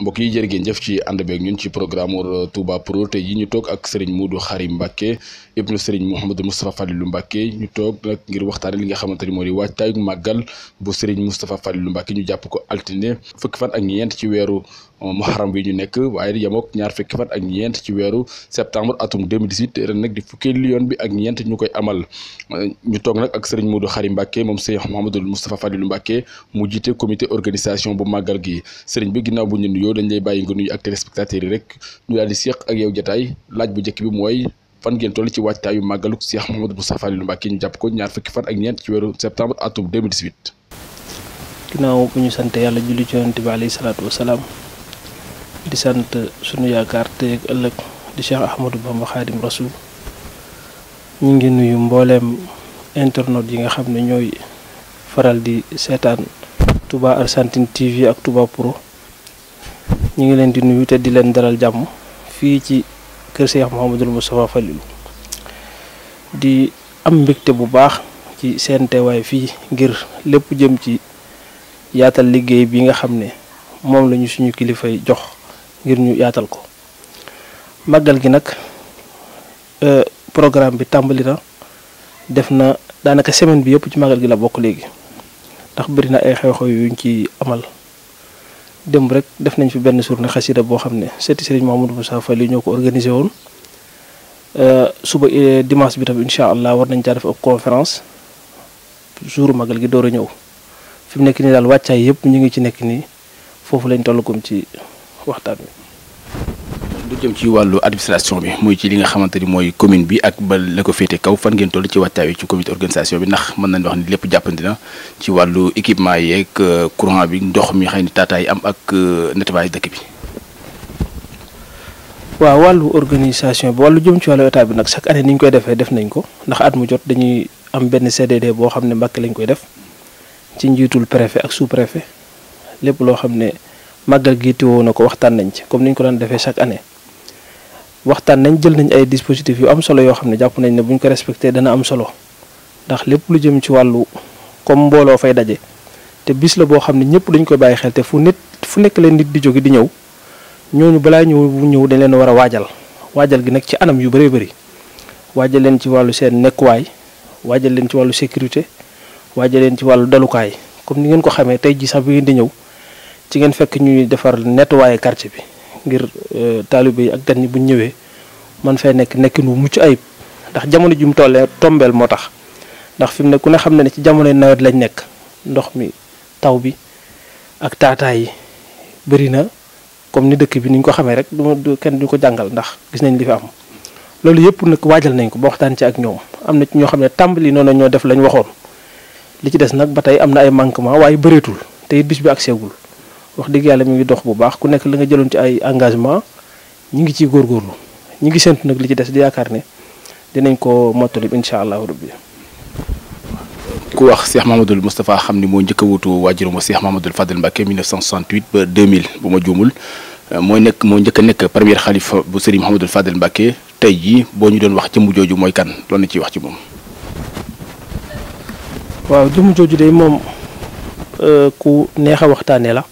mbokk yi jërë ngeen jëf ci ànd beeg ñun ci programme Touba Pro te yi ñu toog ak sëriñ du Serigne Modou Khary Mbacké ibnu Serigne Mouhamadou Moustapha Falilou Mbacké ñu toog nag ngir waxtaane li nga xamante ni moo di waajtaayu màggal bu Serigne Moustapha Falilou Mbacké ñu jàpp ko altine fukk fan ak ñeent ci weeru muharram bi ñu nekk waaye di yemook ñaar fukki fan ak ñeent ci weeru septembre atum 2018 ren nag di yoon bi ak ñu koy amal ñu toog nag ak sëriñ Modou Khary Mbacké moom Cheikh Mouhamadou Moustapha Fadilou Mbacké mu jiite comité organisation bu màggal gi sëriñ bi ginnaaw bu ñu nuyoo dañ lay bàyyi nga nuyu ak téléspectateurs yi rek laaj bu njëkk bi mooy fan ngeen toll ci waajtaayu màggaluk Cheikh Mouhamadou Moustapha Fadilou Mbacké jàpp ko ñaar fukki fan ak ñeent ci weeru septembre atum 2018. ginnaaw bu yàlla julli ci bi alayhi salaatu di sant sunu yaakaar tey ëllëg di Cheikh Ahmadou Bamba Xaadim Rasul ñu ngi nuyu mbooleem internet yi nga xam ne ñooy faral di seetaan tubaa Argentine TV ak Touba Pro ñu ngi leen di nuyu te di leen dalal jàmm fii ci kër Cheikh Mouhamadul Moustapha Falilou di am mbégte bu baax ci seen teewaay fii ngir lépp jëm ci yaatal liggéey bi nga xam ne moom lañu suñu kilifa yi jox ngir ñu yaatal ko màggal gi nag euh, programme bi tàmbali na def na daanaka semaine bi yëpp ci màggal gi la bokk léegi ndax bëri na ay xew-xew yuñ ci amal démb rek def nañ fi benn journée xasida boo xam ne seeti sëriñ Mouhamadou Moussa Fall li ñoo ko organisé woon euh, suba euh, dimanche bi tamit incha allah war nañ caa def ak conférence jour magal gi door a ñëw fi mu nekk nii daal wàccaay yëpp ñu ngi ci nekk nii foofu lañ tollagum ci waxtaan wi. lu jëm ci wàllu administration bi muy ci li nga xamante ni mooy commune bi ak ba la ko féete kaw fan ngeen toll ci waxtaan wi ci comité organisation bi ndax mën nañ wax ni lépp jàppandi na ci wàllu équipement yeeg euh, courant bi ndox mi xëy ni taataay am ak euh, nettoyage dëkk bi. waaw wàllu organisation bi wàllu jëm ci wàllu état bi nag chaque année ni ñu koy defee def nañ ko ndax at mu jot dañuy am benn CDD boo xam ne Mbàkke lañ koy def ci njiitul préfet ak sous lépp loo xam ne màggal gi tiwoo na ko waxtaan nañ ci comme ni ñu ko daan defee chaque année waxtaan nañ jël nañ ay dispositifs yu am solo yoo xam ne jàpp nañ ne bu ñu ko respecté dana am solo ndax lépp lu jëm ci wàllu comme mbooloo fay daje te bis la boo xam ne ñëpp dañu ko bàyyi xel te fu fu nekk leen nit di jóge di ñëw ñooñu balaa ñëw ñëw dañ leen war a waajal waajal gi nag ci anam yu bëree bëri waajal leen ci wàllu seen nekkuwaay waajal leen ci wàllu sécurité waajal leen ci wàllu dalukaay comme ni ngeen ko xamee tey ji sax bi di ñëw ci ngeen fekk ñuy defar nettoyer quartier bi ngir euh, taalibe yi ak gan ñi bu ñëwee man fay nekk nekkin wu mucc ayib ndax jamono ji mu tollee tombeel moo tax ndax fi mu ne ku ne xam ne ne ci jamonoy nawet lañ nekk ndox mi taw bi ak taataay yi bëri na comme ni dëkk bi ni ko xamee rek du kenn du ko jàngal ndax gis nañ li fi am loolu yëpp nag waajal nañ ko ba waxtaan ci ak ñoom am na ci ñoo xam ne tàmbali noonu ñoo def lañ waxoon li ci des nag ba tey am na ay manquement waaye bëreetul te it bis bi ak seegul wax dëgg yàlla mu ngi dox bu baax ku nekk la nga jëloon ci ay engagement ñu ngi ciy góorgóorlu ñu ngi séntu nag li ci des di yaakaar ne dinañ ko mottali incha allahu rabbi ku wax Cheikh Mamadou Moustapha xam ni moo njëkk a wuutu waajuram Cheikh Mamadou Fadel Mbacké 1968 ba 2000 bu ma juumul mooy nekk moo njëkk nekk premier xalifa bu Serigne Mamadou Fadel Mbacké tey jii boo ñu doon wax jëmm jooju mooy kan loolu na ciy wax ci moom. waaw jëmm jooju de moom euh, ku neex la.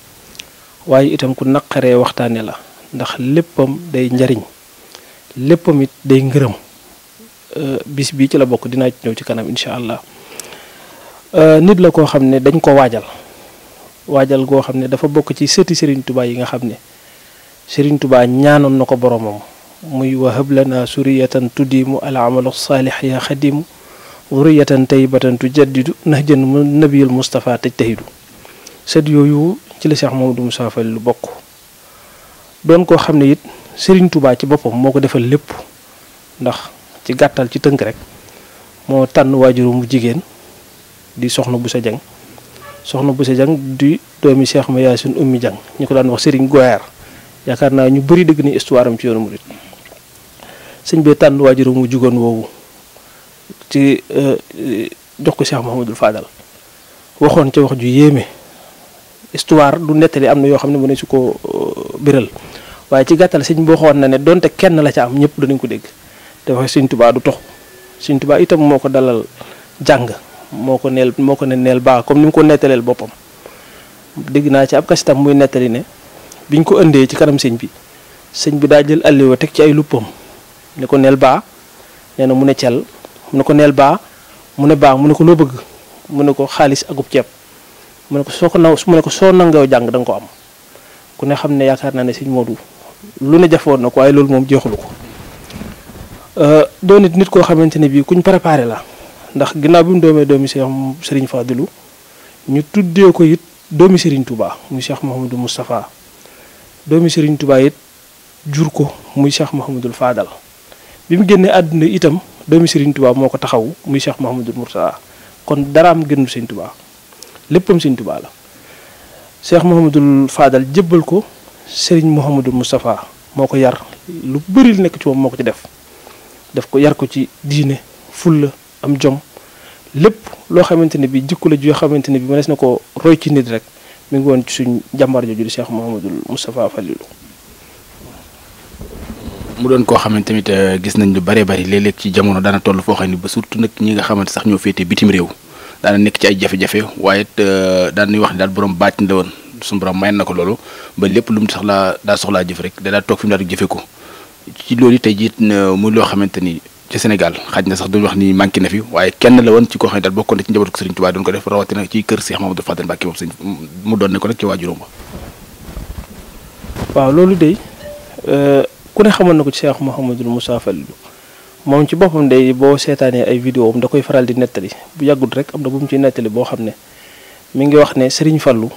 waaye itam ku naqaree waxtaane la ndax léppam day njariñ léppam it day ngërëm euh, bis bii ci la bokk dinaa ñëw ci kanam incha allah euh, nit la koo xam ne dañ ko waajal waajal goo xam ne dafa bokk ci sëti Serigne Touba yi nga xam ne Serigne tubaa ñaanoon na ko boromam muy wahab lana suriyatan tuddimu al amalu saalix ya xadimu zuriyatan taybatan tujaddidu nahjan nabiyul Mustafa taj tahidu sët yooyu ci la Cheikh Mamadou Moussa Fall lu bokk doon koo xam ne it sëriñ Touba ci boppam moo ko defal lépp ndax ci gàttal ci tënk rek moo tànn waajuru mu jigéen di soxna bu sa jang soxna bu sa jang di doomi Cheikh ma Yaasin ummi jang ñu ko daan wax sëriñ Goyar yaakaar naa ñu bëri dëgg ni histoire ci yoonu murit sëñ bee tànn waajuru mu jugoon woowu ci euh, jox ko Cheikh Mouhamadul Fadal waxoon ca wax ju yéeme histoire du nettali am na yoo xam ne mën nañu su ko euh, biral waaye ci gàttal sëñ boo xoon na ne donte kenn la ca am ñëpp danañ ko dégg te waxe sëñ tubaa du tox sëñ tubaa itam moo ko dalal jàng moo ko neel moo ko ne baa comme ni mu ko nettaleel boppam dégg naa ci ab kasitam muy nettali biñ ko indee ci kanam sëñ bi sëñ bi daa jël alliwa teg luppam ne ko neel baa nee na mu ne cel mu ne ko neel baa mu ne baa mu ne ko loo bëgg mu ne ko xaalis akub ceeb mu ne ko soo ko naw mu ne ko soo nangoo jàng da ko am ku ne xam ne yaakaar naa ne sëñ Modou lu ne jafoon na ko waaye loolu moom jeexulu ko euh, doon it nit koo xamante ne bii kuñ préparé la ndax ginnaaw bi mu doomee doomi Cheikh Serigne Fadilou ñu tuddee ko it doomi Serigne Touba muy Cheikh Mouhamadou Moustapha doomi Serigne Touba it jur ko muy Cheikh Mouhamadou Fadal bi mu génnee àdduna itam doomi Serigne tubaa moo ko taxaw muy Cheikh Mouhamadou Mourtada kon daraam gënul Serigne Touba. léppam Sëriñ Tuubaa la Cheikh Mouhamadul Fadal jébbal ko sëriñ Mouhamadul Moustapha moo ko yar lu bëri li nekk ci moom moo ko ci def daf ko yar ko ci diine fulla am jom lépp loo xamante ne bi jikku la joo xamante ne bi mënees na ko roy ci nit rek mi ngi woon ci suñ jàmbaar jooju di Cheikh Mouhamadul Moustapha mu doon koo xamante tamit gis nañ lu bëree bëri léeg-léeg ci jamono dana toll foo xam ne ba surtout nag ñi nga xamante sax ñoo féete bitim réew daana nekk ci ay jafe-jafe waaye it euh, daan nañu wax ni daal borom baatin la woon suñu borom may na ko loolu ba lépp lu mu soxlaa daa soxlaa jëf rek da daa toog fi mu daal jëfe ko ci loolu tey jii euh, muy loo xamante ni ci Sénégal xaj na sax duñu wax ni manqué na fi waaye kenn la woon ci koo xam ne daal bokkoon na ci njabootu Serigne Touba ko def rawatina ci kër Cheikh Mamadou Fadel Mbacké moom mu doon ko nag ci waajuram ba waaw loolu de euh, ku ne xamoon ko ci Cheikh Mouhamadou Moussa moom ci boppam day boo seetaanee ay vidéo am da koy faral di nettali bu yàggut rek am na bu mu ci nettali boo xam ne mi ngi wax ne Serigne Fallou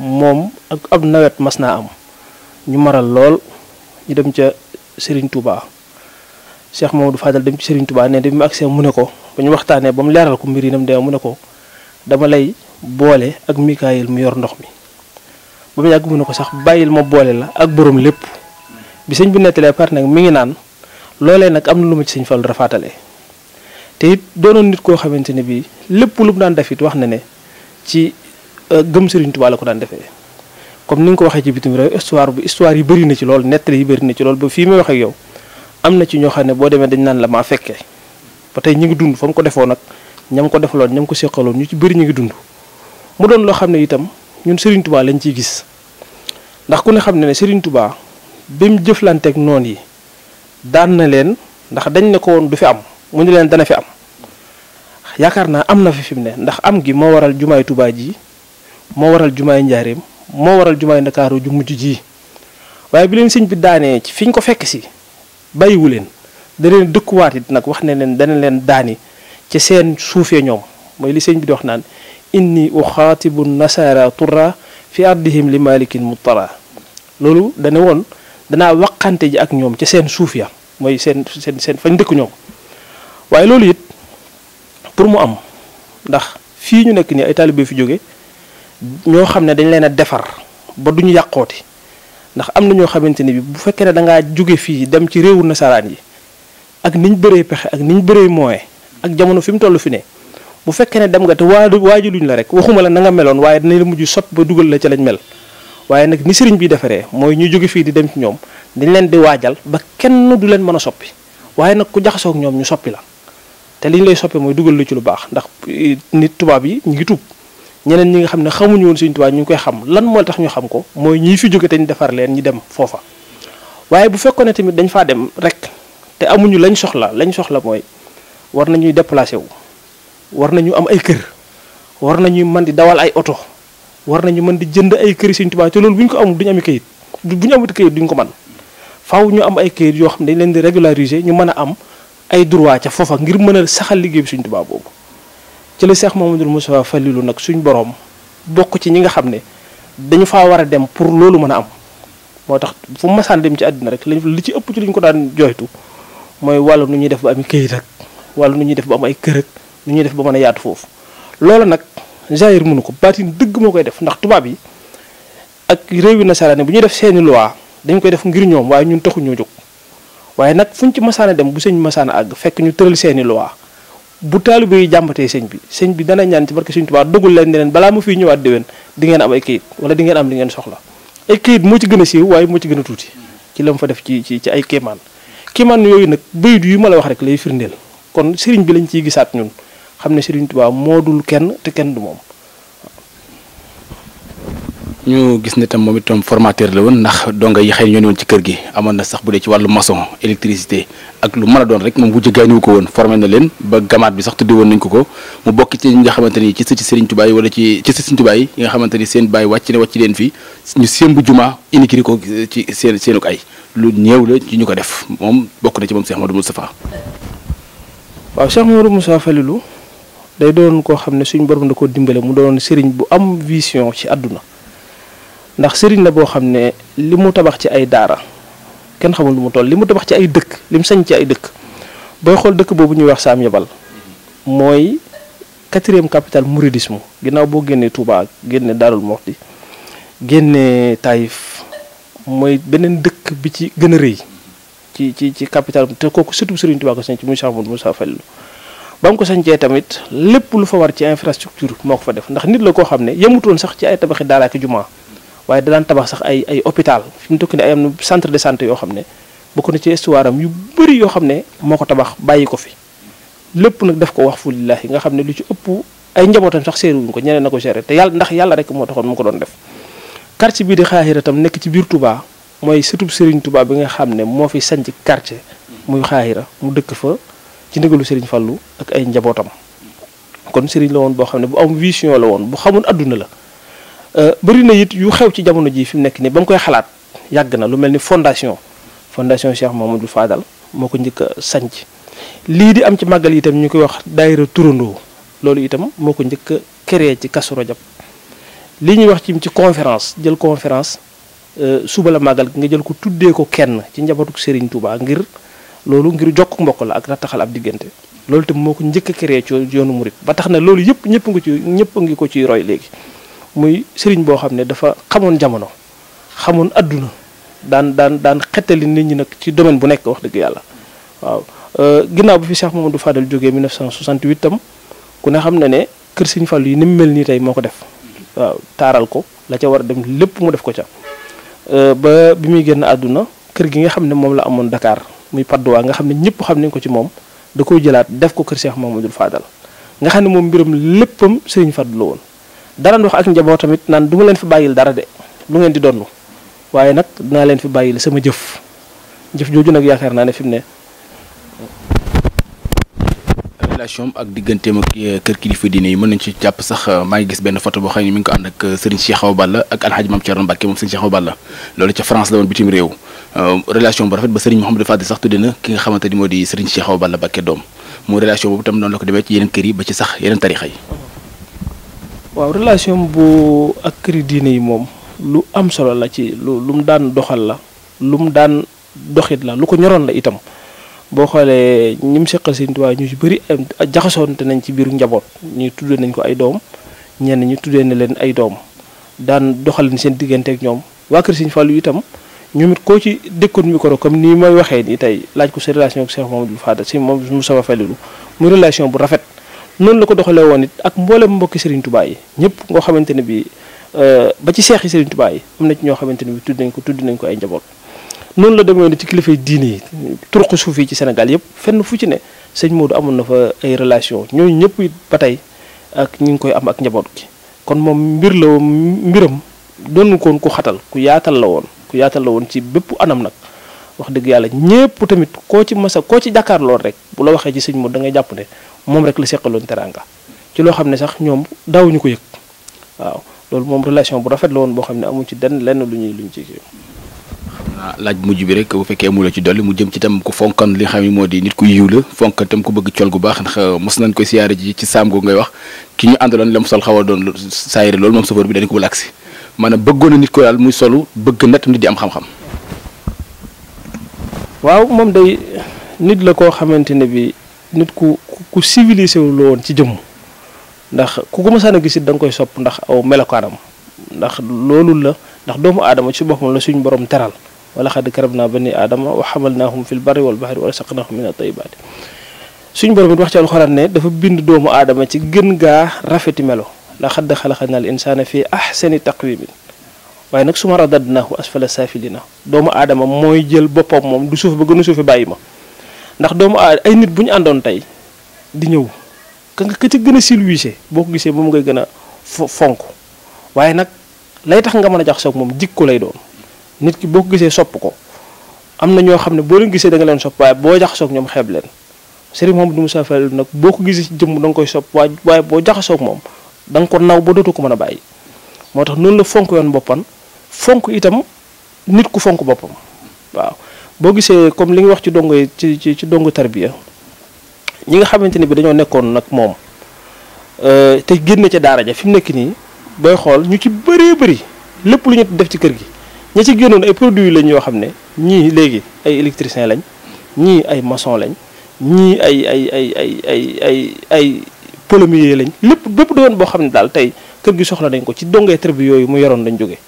moom ak ab nawet mas naa am ñu maral lool ñu dem ca sëriñ Serigne Touba Cheikh Mamadou Fadal dem ci Serigne Touba ne de bi mu mu ne ko ba ñu waxtaanee ba mu leeral ko mbir yi nam demee mu ne ko dama lay boole ak Mikaayil mu yor ndox mi ba mu yàgg mu ne ko sax bàyyil ma boole la ak boroom lépp bi sëñ bi nettalee par nag mi ngi naan. loolee nag am na lu ma ci sëñ Fallu rafaatale te it doonoon nit koo xamante ne bii lépp lu mu daan def it wax na ne ci euh, gëm Sëriñ Tuubaa la ko daan defee comme ni nga ko waxee ci bitim réew histoire bi histoire yi bëri na ci lool nettali yi bëri na ci lool ba fii may wax yow am na ci ñoo xam ne boo demee dañ naan la maa fekkee ba tey ñu ngi dund fa mu ko defoo nag ñam ko defaloon ñam ko seqaloon ñu ci bëri ñu ngi dund mu doon loo xam ne itam ñun Sëriñ lañ ciy gis ndax ku ne xam ne ne Sëriñ Tuubaa bi mu jëflanteeg noon yi daan na leen ndax dañ ne ko woon du fi am mu ne leen dana fi am yaakaar naa am na fi fi mu ne ndax am gi moo waral jumaay Tuubaa ji moo waral jumaay Njaareem moo waral jumaay Ndakaaru ju mujj ji waaye bi leen sëñ bi daanee ci fi ñu ko fekk si bàyyiwu leen da leen dëkkuwaat it nag wax ne leen dana leen daani ci seen suufee ñoom mooy li sëñ bi di wax naan inni uxaatibu nasara turra fi ardihim li malikin muttara loolu dana woon danaa waqante ji ak ñoom ci seen suuf ya mooy seen seen seen fañ dëkk ñoom waaye loolu it pour mu am ndax fii ñu nekk nii ay taalibe fi jóge ñoo xam ne dañ leen a defar ba duñu yàqooti ndax am na ñoo xamante ni bi bu fekkee ne da jóge fii dem ci réewu nasaraan yi ak niñ bëree pexe ak niñ bëree moyen ak jamono fi mu toll fi ne bu fekkee ne dem nga te waa waaji luñ la rek waxuma la na nga meloon waaye dinañ la mujj sot ba dugal la ca lañ mel waaye nag ni sëriñ bi defaree mooy ñu jóge fii di dem ci ñoom dañ leen di waajal ba kenn du leen mën a soppi waaye nag ku jaxasoo ak ñoom ñu soppi la te li ñu lay soppi mooy dugal lu ci lu baax ndax eh, nit tubaab yi ñu ñeneen ñi nga xam ne xamuñu woon suñu tubaab ñu ngi koy xam lan moo tax ñu xam ko mooy ñi fi jóge te ñu defar leen ñu dem foofa waaye bu fekkoon ne tamit dañ faa dem rek te amuñu lañ soxla lañ soxla mooy war nañuy déplacé wu war nañu am ay kër war nañuy mën di dawal ay oto war nañu mën di jënd ay këri Sëriñ Tuubaa te loolu bu ñu ko amul duñu ami kayit bu ñu amut kayit duñu ko man faaw ñu am ay kayit yoo xam ne dañ leen di régulariser ñu mën a am ay droit foofa ngir mën a saxal liggéey bi Sëriñ Tuubaa boobu ci la Seex Mamadul Mustafaa Falilu nag suñ boroom bokk ci ñi nga xam ne dañu fa war a dem pour loolu mën a am moo tax fu masaan dem ci àddina rek lañ li ci ëpp ci li ñu ko daan jooytu mooy wàllu nu ñuy def ba am kayit ak wàllu nu ñuy def ba am ay kër ak nu ñuy def ba mën a yaatu foofu loolu nag jaayir mënu ko baatin dëgg moo koy def ndax tubaab yi ak réew yi nasaraan bu ñuy def seeni loi dañ koy def ngir ñoom waaye ñun taxu ñoo jóg waaye nag fuñ ci masaana dem bu sëñ masaana àgg fekk ñu tëral seeni loi bu taalibe yi jàmbatee sëñ bi sëñ bi dana ñaan ci barke sëñ Tuubaa dogul leen ne leen balaa mu fiy ñëwaat déwén di ngeen am ay kayit wala di ngeen am li ngeen soxla ay kayit moo ci gën a siiw waaye moo ci gën a tuuti ci la mu fa def ci ci ci ay kéemaan kéemaan yooyu nag bayit yu ma la wax rek lay firndeel kon sëriñ bi lañ ciy gisaat ñun xam ne Serigne Touba moo dul kenn te kenn du moom. ñu gis ne tam moom itam formateur la woon ndax donga yi xëy ñoo woon ci kër gi amoon na sax bu dee ci wàllu maçon électricité ak lu mën a doon rek moom wujj gaaniwu ko woon formé na leen ba gamaat sax tuddi nañ ko ko mu bokk ci ñi nga xamante ni ci sëti Serigne Touba yi wala ci ci sëti Serigne xamante ni seen bàyyi wàcc na wàcc leen fii ñu sémbu juma iniquiri ko ci seen seenuk ay lu ñëew la ci ñu ko def moom bokk na ci moom Cheikh Modou Moustapha waaw Cheikh day doon koo xam ne suñ borom da koo dimbale mu doon sëriñ bu am vision ci àdduna ndax sëriñ la boo xam ne li mu tabax ci ay daara kenn xamul lu mu toll li mu tabax ci ay dëkk li mu sañ ci ay dëkk booy xool dëkk boobu ñuy wax saam yabal mooy quatrième capitale mouridisme ginnaaw boo génnee Touba génne Daarul Moxti génne Taïf mooy beneen dëkk bi ci gën a rëy ci ci ci capitale te kooku surtout sëriñ Touba ko sañ ci muy Cheikh Moussa Fallou ba mu ko sañcee tamit lépp lu fa war ci infrastructure moo ko fa def ndax nit la koo xam ne yemutoon sax ci ay tabaxi daara ak jumaa waaye da daan tabax sax ay ay hôpital fi mu tokki ne ay nu centre de santé yoo xam ne bokk na ci histoire am yu bëri yoo xam ne moo ko tabax bàyyi ko fi lépp nag def ko wax fu lillahi nga xam ne lu ci ëpp ay njabootam sax séeruwuñ ko ñeneen na ko géré te yàlla ndax yàlla rekk moo taxoon mu ko doon def quartier bii di xaaxira tam nekk ci biir Touba mooy surtout Serigne Touba bi nga xam ne moo fi sanc quartier muy xaaxira mu dëkk fa ci ndigalu Serigne Fallou ak ay njabootam kon Serigne la woon boo xam ne bu am vision la woon bu xamoon adduna la euh, bëri na it yu xew ci jamono ji fi mu nekk nii ba koy xalaat yàgg na lu mel ni fondation fondation Cheikh Mamadou Fadal moo ko njëkk sanc lii di am ci màggal itam ñu koy wax daayira turandoo loolu itam moo ko njëkk a créé ci Kazu Rajab lii ñuy wax ci ci conférence jël conférence euh, suba la màggal nga jël ko tuddee ko kenn ci njabootu Serigne Touba ngir loolu ngir jokk mbokk la ak rattaxal ab diggante loolu itam moo ko njëkk a créé ci yoonu murit ba tax na loolu yëpp ñëpp nga ci ñëpp ngi ko ciy roy léegi muy sëriñ boo xam ne dafa xamoon jamono xamoon adduna daan daan daan xettali nit ñi nag ci domaine bu nekk wax dëgg yàlla waaw euh, ginnaaw bi fi moom du Fadal jógee 1968 tam ku ne xam ne ne kër Sëriñ Fallu yi ni mu mel nii tey moo ko def taaral ko la ca war a dem lépp mu def ko ca euh, ba bi muy génn àdduna kër gi nga xam ne moom la amoon Dakar muy padduwaa nga xam ne ñëpp xam nañ ko ci moom da koy jëlaat def ko kër Cheikh Mamadou Fadal nga xam ne moom mbiram léppam Serigne Fadlu la woon dara ndox ak njaboot tamit naan duma leen fi bàyyil dara de lu ngeen di donn waaye nag dinaa leen fi bàyyil sama jëf jëf jooju nag yaakaar naa ne fi mu ne relation ak digganteem ak eh, kër kilifa diine yi mën nañ ci jàpp sax eh, maa ngi gis benn photo boo xam ne mi ngi ko ànd ak eh, Serigne Cheikh Awa Balla ak Alhaji Mame Thierno Mbacke moom Serigne Cheikh Awa Balla loolu ca France réew Euh, relation bu rafet ba Serigne Mouhamadou Fadil sax tudde na ki nga xamante ni moo di Serigne Cheikh Awa Balla Mbacké doom mu relation boobu tam noonu la ko demee ci yeneen kër yi ba waaw relation bu ak këri yi moom lu am solo la ci lu lu mu daan doxal la lu mu daan doxit la lu ko ñoroon la itam boo xoolee ñi mu seqal Serigne Touba ñu ci bëri jaxasoonte nañ ci biiru njaboot ñu tuddee nañ ko ay doom ñenn ñu tuddee na leen ay doom daan doxalin seen diggante ak ñoom waa kër Serigne Fallou itam. ñoom it koo ci dëkkoon micro comme nii may waxee ni tey laaj ko sa relation ak Cheikh Mamadou Fadal si moom Moustapha Falilou muy relation bu rafet noonu la ko doxalee woon it ak mboolem mbokki Serigne Touba yi ñëpp nga xamante ne bii euh, ba ci seex yi Serigne Touba am na ci ñoo xamante ne bii tudd nañ ko tudd nañ ko ay njaboot. noonu la demee woon ci kilifa diine yi turuq suuf yi ci Sénégal yëpp fenn fu ci ne sëñ Modou amoon na fa ay relation ñooñu ñëpp it ba tey ak ñu ngi koy am ak njaboot gi kon moom mbir la mbiram doon koon ku xatal ku yaatal la woon. ku yaatal la woon ci bépp anam nag wax dëgg yàlla ñépp tamit koo ci masa koo ci jàkkaarlool rek bu la waxee ci sëñ Modou da ngay jàpp ne moom rek la seqaloon teraanga ci loo xam ne sax ñoom daawuñu ko yëg waaw loolu moom relation bu rafet la woon boo xam ne amuñ ci den lenn lu ñuy luñ ci kii. waaw laaj mujj bi rek bu fekkee mu la ci dolli mu jëm ci tam ku fonkan li xam ne moo di nit ku yiw la fonkan tam ku bëgg col gu baax ndax euh, mos nañ koy siyaare ji ci saam googu ngay wax ki ñu àndaloon lam sol xaw a doon saayire loolu moom sofër bi dañ ko wul agsi maanaam bëggoon na nit ko daal muy solu bëgg na tamit di am xam-xam. waaw moom day nit la koo xamante ne bi nit ku ku civilisé wu la woon ci jëmm ndax ku ko mësaan a gis it da koy sopp ndax aw melokaanam ndax loolu la ndax doomu aadama ci boppam la suñu borom teral wala xad karab naa bani aadama wa xamalnaahum fil barri wal bahri wa rasaqnaahum min at-tayyibaat suñu borom it wax ci alxuraan ne dafa bind doomu aadama ci gën gaa rafeti melo laqad xalaqna al insaana fi ahsani taqwimin waaye nag su ma radadnahu asfala na doomu aadama mooy jël boppam moom du suuf ba gën a suufi bàyyi ma ndax doomu aadama ay nit bu ñu àndoon tey di ñëw ka nga ka gën a silwiise boo ko gisee moom ngay gën a fonk waaye nag lay tax nga mën a jax soog moom ko lay doon nit ki boo ko gisee sopp ko am na ñoo xam ne boo leen gisee danga leen sopp waaye boo jaxasoog ñoom xeeb leen Serigne Mouhamadou Moussa Fall nag boo ko gisee ci jëmm da nga koy sopp waaye boo jaxasoog moom da ko naw ba dootu ko mën a bàyyi moo tax noonu la fonk yoon boppam fonk itam nit ku fonk boppam waaw boo gisee comme li nga wax ci dongo ci ci ci dongo tarbiya ñi nga xamante ni bi dañoo nekkoon nag moom euh, te génn ca daara ja fi mu nekk nii booy xool ñu ci bëree bëri lépp lu ñu def ci kër gi ña ci génnoon ay produits lañ yoo xam ne ñii léegi ay électricien lañ ñii ay maçon lañ ñii ay ay ay ay ay ay ay polomier lañ lépp bépp doon boo xam ne daal tey kër gi soxla nañ ko ci dongee tribu yooyu mu yoroon lañ jóge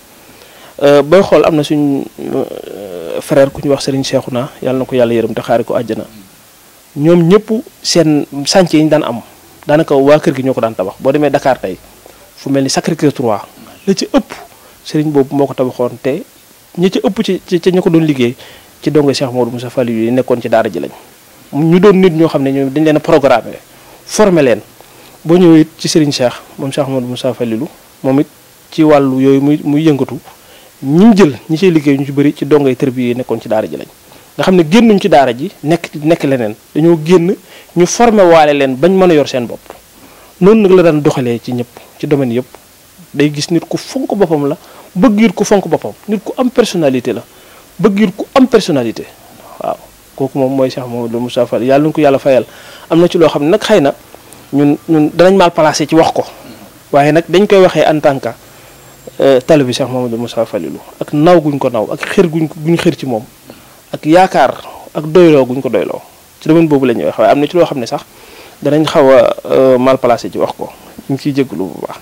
euh, booy xool am na suñ euh, frère ku ñu wax Serigne Cheikhouna yàlla na ko yàlla yërëm te xaari ko àjjana ñoom ñëpp seen sànce yi ñu daan am daanaka waa kër gi ñoo ko daan tabax boo demee dakaar tey fu mel ni Sacré-Cœur 3 la ci ëpp seriñ boobu moo ko tabaxoon te ñi ci ëpp ci ci ñi ko doon liggéey ci donge Cheikh Modou Moussa Fall yi nekkoon ci daara ji lañ ñu doon nit ñoo xam ne ñoom dañ leen a programmé formé leen boo ñëwee it ci Serigne Cheikh moom Cheikh Amadou Moussa Falilou moom it ci wàllu yooyu muy muy yëngatu ñi jël ñi ciy liggéey ñu ci bëri ci dongay tërbiye yi nekkoon ci daara ji lañ nga xam ne génnuñ ci daara ji nekk nekk leneen dañoo génn ñu formé waale leen bañ mën a yor seen bopp noonu nag la daan doxalee ci ñëpp ci domaine yëpp day gis nit ku fonk boppam la bëgg bëggir ku fonk boppam nit ku am personnalité la bëggir ku am personnalité waaw kooku moom mooy Cheikh Mamadou Moussa Fall yàlla na ko yàlla fayal am na ci loo xam ne nag xëy na ñun ñun danañ mal placé ci wax ko waaye nag dañ koy waxee en tant que euh, taalibe bi Cheikh Mamadou Moussa Falilou ak naw guñ ko naw ak xër guñ guñ xër ci moom ak yaakaar ak doyloo guñ ko doyloo ci domaine boobu la ñuy wax waaye am na ci loo xam ne sax danañ xaw a euh, mal placé ci wax ko ñu ngi ciy jégalu bu baax.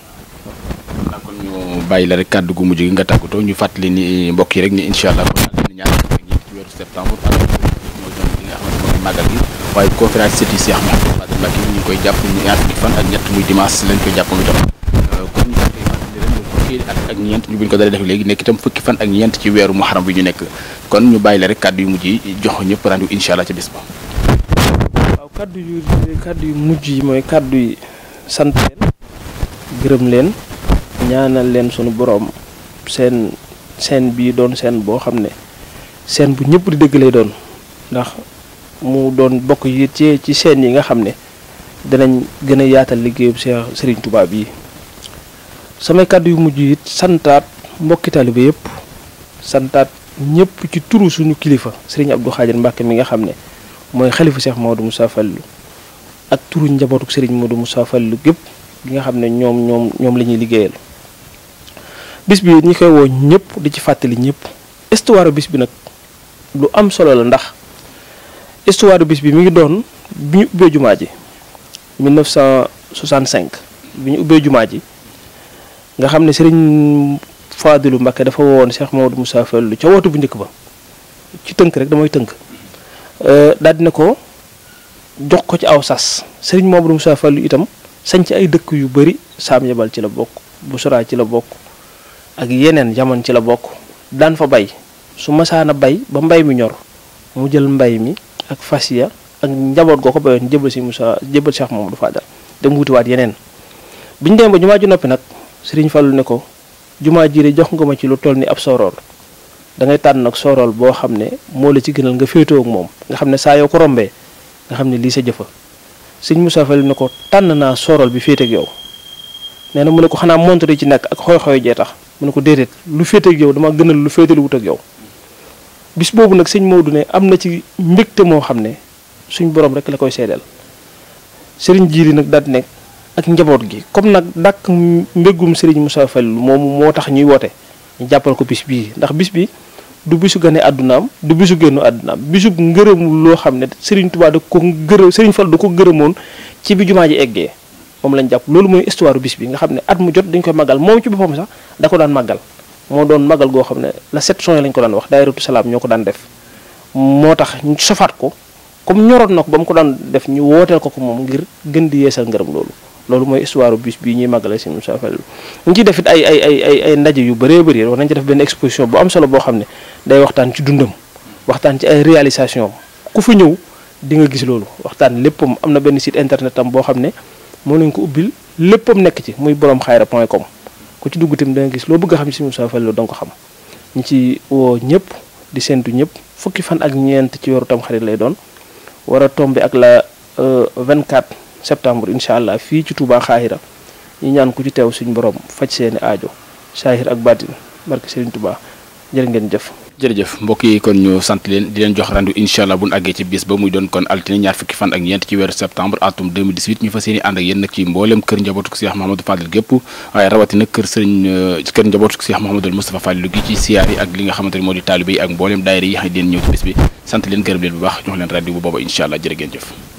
kon ñu la rek kàddu gu mujj gi nga tàggatoo ñu fàttali ni eh, mbokk yi rek incha allah kon ñaar ci weeru septembre mooy doon li waaye conférence sëti Cheikh Mouhamadou Fadel Mbacké ñu ngi koy jàpp ñu fan ak ñett koy jàpp mu tam euh, kon ñu koy fàttali ren fukki ak ñeent ñu buñ ko dalee def léegi nekk itam fukki fan ak ñeent ci weeru muharam bi ñu nekk kon ñu bàyyi la rek kàddu yu mujj yi jox ñëpp rendez-vous incha ca bis ba waaw kàddu yu yu mujj yi mooy kàddu yi sant leen gërëm leen ñaanal leen sunu boroom seen seen bii doon seen boo xam ne seen bu ñëpp di dëgg lay doon ndax mu doon bokk yi ci ci seen yi nga xam ne danañ gën a yaatal liggéeyub Cheikh sëriñ tubaab yi samay kàddu yu mujj it santaat mbokki taalibe yëpp santaat ñëpp ci turu suñu kilifa sëriñ Abdou Khadir Mbacke mi nga xam ne mooy xalifu Cheikh Maodou Moussa Fallou ak turu njabootu Serigne Maodou mu Fallou gépp gi nga xam ne ñoom ñoom ñoom la ñuy liggéeyal bis bi ñi koy woo ñëpp di ci fàttali ñëpp histoire bis bi nag lu am solo la ndax histoire bis bi mu ngi doon bi ñu ubbee jumaa ji 1965 ñu ubbee ji nga xam ne sëriñ Fadilu Mbakke dafa woon Cheikh mu Moussa Fallu ca wootu bu njëkk ba ci tënk rek damay tënk euh, daal dina ko jox ko ci aw sas sëriñ Mamadou Moussa Fallu itam sañc ay dëkk yu bari saam yebal ci la bokk bu ci la bokk ak yeneen jamono ci la bokk daan fa bay su masaana bay ba mbay mi ñor mu jël mbay mi ak fas ya ak njaboot goo ko bayoon jëbal si Moussa jëbal Cheikh Mamadou Fadal dem wutiwaat yeneen bi ñu dem ba jumaa ju noppi nag Serigne Fallou ne ko jumaa ji de jox nga ma ci lu toll ni ab soorool da ngay tànn nag soorool boo xam ne moo la ci gënal nga féetoo moom nga xam ne saa yoo ko rombee nga xam ne lii sa jëfa sëñ Moussa Fall ne ko tànn naa sorol bi féete yow nee na mu ne ko xanaa montre yi ci nekk ak xooy-xooy jee tax mu ne ko déedéet lu féete yow dama gënal lu féete lu wut ak yow bis boobu nag sëñ Maodo ne am na ci mbégte moo xam ne suñ borom rek la koy seedeel sëriñ Jiili nag daal nekk ak njaboot gi comme nag dàkk mbéggum sëriñ Moussa Fall moomu moo tax ñuy woote ñu jàppal ko bis bii ndax bis bi du bisu gane àddunaam du bisu génnu àddunaam bisu ngërëm loo xam ne sëriñ Tuubaa ko gërëm sëriñ fal du ko gërëmoon ci bi jumaa ji eggee moom lañ jàpp loolu mooy histoire bis bi nga xam ne at mu jot dañ koy màggal moom ci boppam sax da daan màggal moo doon magal goo xam ne la sept juin lañ ko daan wax daayiratu salaam ñoo ko daan def moo tax ñu sofaat ko comme ñoroot na ko ba mu ko daan def ñu wooteel ko ko moom ngir gën di yeesal ngërëm loolu loolu mooy histoire bis bii ñuy màggale si Moussa Fall ñu ci def it ay ay ay ay ay ndaje yu baree bëri war nañ ci def benn exposition bu am solo boo xam ne day waxtaan ci dundam waxtaan ci ay réalisation ku fi ñëw di nga gis loolu waxtaan léppam am na benn site internet am boo xam ne moo lañ ko ubbil léppam nekk ci muy borom xayra point com ku ci dugg tamit da nga gis loo bëgg a xam ci Serigne Moustapha Fallilou da nga ko xam ñu ci woo ñëpp di séntu ñëpp fukki fan ak ñeent ci weeru Tamxarit lay doon war a tombe ak la 24 euh, septembre incha allah fii ci Touba Xaahira ñi ñaan ku ci teew suñu borom faj seeni aajo saahir ak baatin barke Serigne tubaa jërë ngeen jëf jërëjëf mbokk yi kon ñu sant leen di leen jox rendu incha allah bu àggee ci bis ba muy doon kon altine ñaar fukki fan ak ñeent ci weeru septembre atum 2018 ñu fas yéene ànd ak yéen nag ci mboolem kër njabootu Cheikh Mahamadou Fadil gépp waaye rawatina kër sëriñ euh, kër njabootu Cheikh Mahamadou Moustapha Fadilou gi ci siyaar yi ak li nga xamante moo di taalibe yi ak mboolem daayira yi xam ne deen ñëw ci bis bi sant leen gërëm leen bu baax jox leen rendu bu booba incha allah